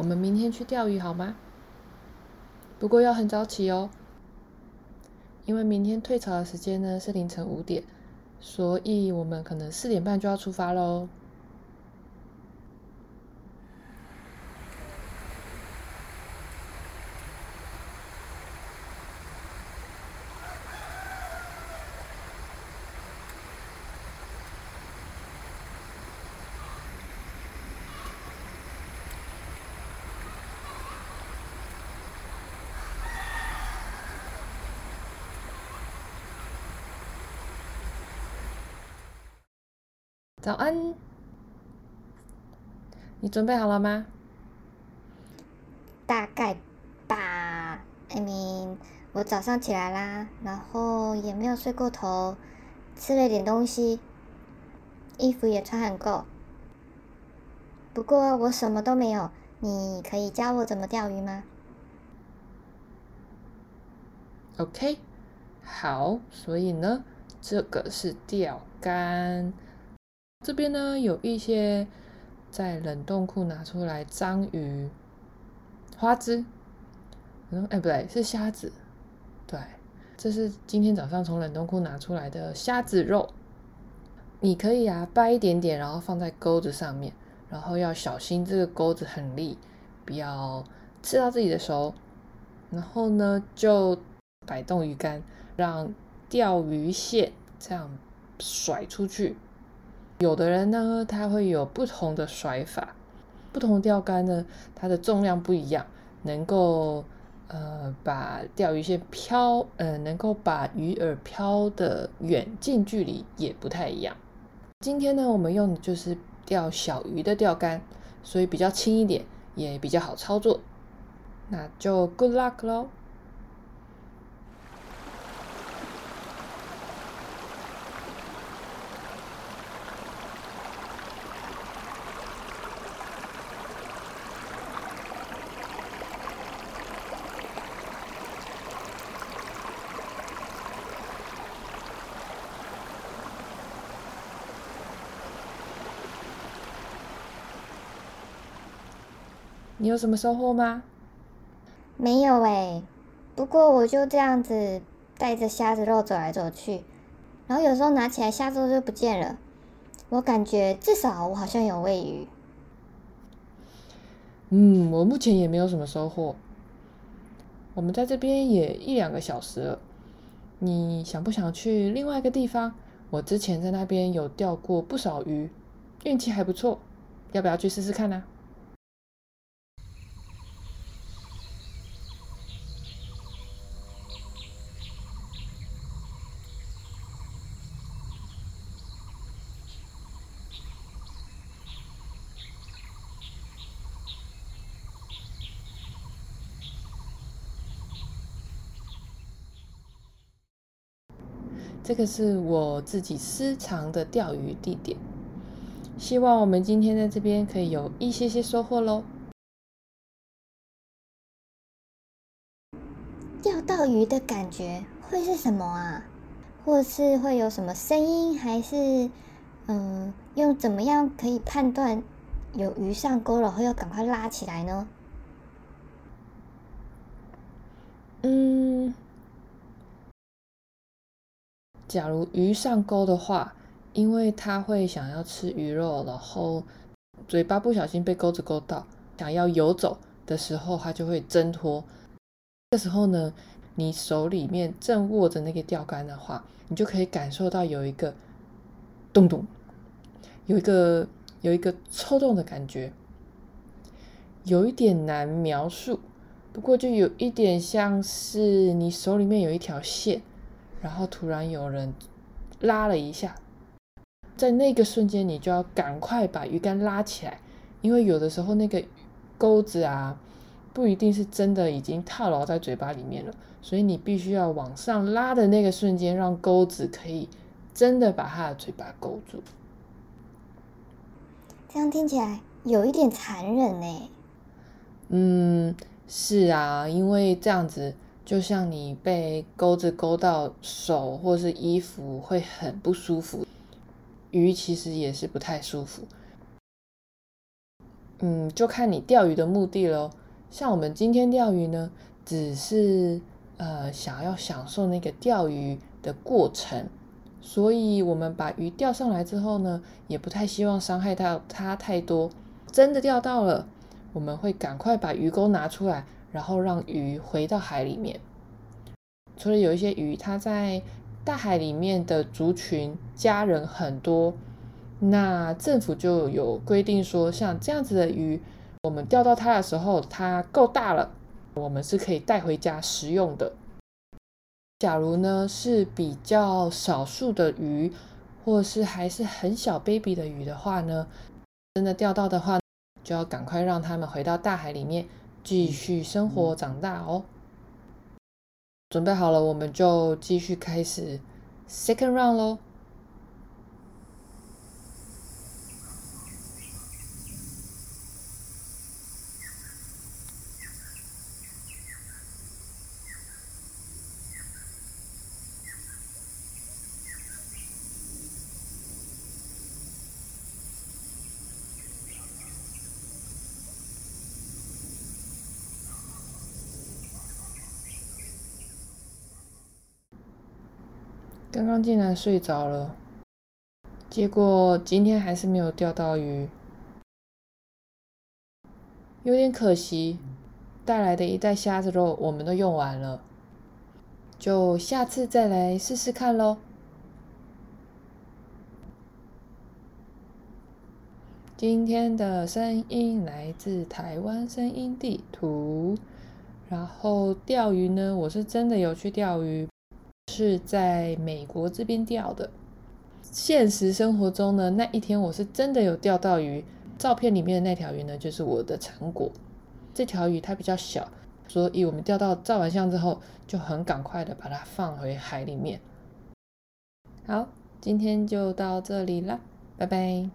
我們明天去釣魚好嗎？不過要很早起哦，因為明天退潮的時間呢是凌晨五點，所以我們可能四點半就要出發嘍。早安，你準備好了嗎？大概吧，I mean。我早上起來啦，然後也沒有睡過頭，吃了點東西，衣服也穿很夠。不過我什麼都沒有，你可以教我怎麼釣魚嗎？OK，好，所以呢，這個是釣竿。這邊呢有一些在冷凍庫拿出來章魚花枝，哎、欸、不對是蝦子，對，這是今天早上從冷凍庫拿出來的蝦子肉。你可以啊掰一點點，然後放在鈎子上面，然後要小心這個鈎子很利，不要刺到自己的手。然後呢就擺動魚竿，讓釣魚線這樣甩出去。有的人呢，他會有不同的甩法，不同釣竿呢，它的重量不一樣，能夠呃把釣魚線漂呃能夠把魚餌漂得遠近距離也不太一樣。今天呢，我們用的就是釣小魚的釣竿，所以比較輕一點，也比較好操作。那就 Good luck 嘍你有什麼收穫嗎？沒有欸，不過我就這樣子帶着蝦子肉走來走去，然後有時候拿起來蝦子就不見了。我感覺至少我好像有餵魚。嗯，我目前也沒有什麼收穫。我們在這邊也一兩個小時了，你想不想去另外一個地方？我之前在那邊有釣過不少魚，運氣還不錯，要不要去試試看呢？這個是我自己私藏的釣魚地點，希望我們今天在這邊可以有一些些收穫嘍。釣到魚的感覺會是什麼啊？或是會有什麼聲音？還是，嗯、呃，用怎麼樣可以判斷有魚上鈎了，會要趕快拉起來呢？假如魚上鈎的話，因為它會想要吃魚肉，然後嘴巴不小心被鈎子鈎到，想要游走的時候，它就會掙脫。這時候呢，你手裡面正握着那個釣竿的話，你就可以感受到有一個咚咚，有一個有一個抽動的感覺，有一點難描述，不過就有一點像是你手裡面有一條線。然後突然有人拉了一下，在那個瞬間，你就要趕快把魚竿拉起來，因為有的時候那個鈎子啊，不一定是真的已經套牢在嘴巴裡面了，所以你必須要往上拉的那個瞬間，讓鈎子可以真的把它的嘴巴勾住。這樣聽起來有一點殘忍呢。嗯，是啊，因為這樣子。就像你被鈎子鈎到手或是衣服會很不舒服，魚其實也是不太舒服。嗯，就看你釣魚的目的嘍。像我們今天釣魚呢，只是呃想要享受那個釣魚的過程，所以我們把魚釣上來之後呢，也不太希望傷害到它，它太多。真的釣到了，我們會趕快把魚鈎拿出來。然後讓魚回到海裡面。除了有一些魚，它在大海裡面的族群家人很多，那政府就有規定說，像這樣子的魚，我們釣到它的時候，它夠大了，我們是可以帶回家食用的。假如呢是比較少數的魚，或是還是很小 baby 的魚的話呢，真的釣到的話，就要趕快讓它們回到大海裡面。繼續生活、長大哦。嗯，準備好了，我們就繼續開始 second round 咯。剛剛竟然睡着了，結果今天還是沒有釣到魚，有點可惜。帶來的一袋蝦子肉我們都用完了，就下次再來試試看嘍。今天的聲音來自台灣聲音地圖，然後釣魚呢，我是真的有去釣魚。是在美國這邊釣的。現實生活中呢，那一天我是真的有釣到魚，照片裡面的那條魚呢，就是我的成果。這條魚它比較小，所以我們釣到照完相之後，就很趕快的把它放回海裡面。好，今天就到這裡啦，拜拜。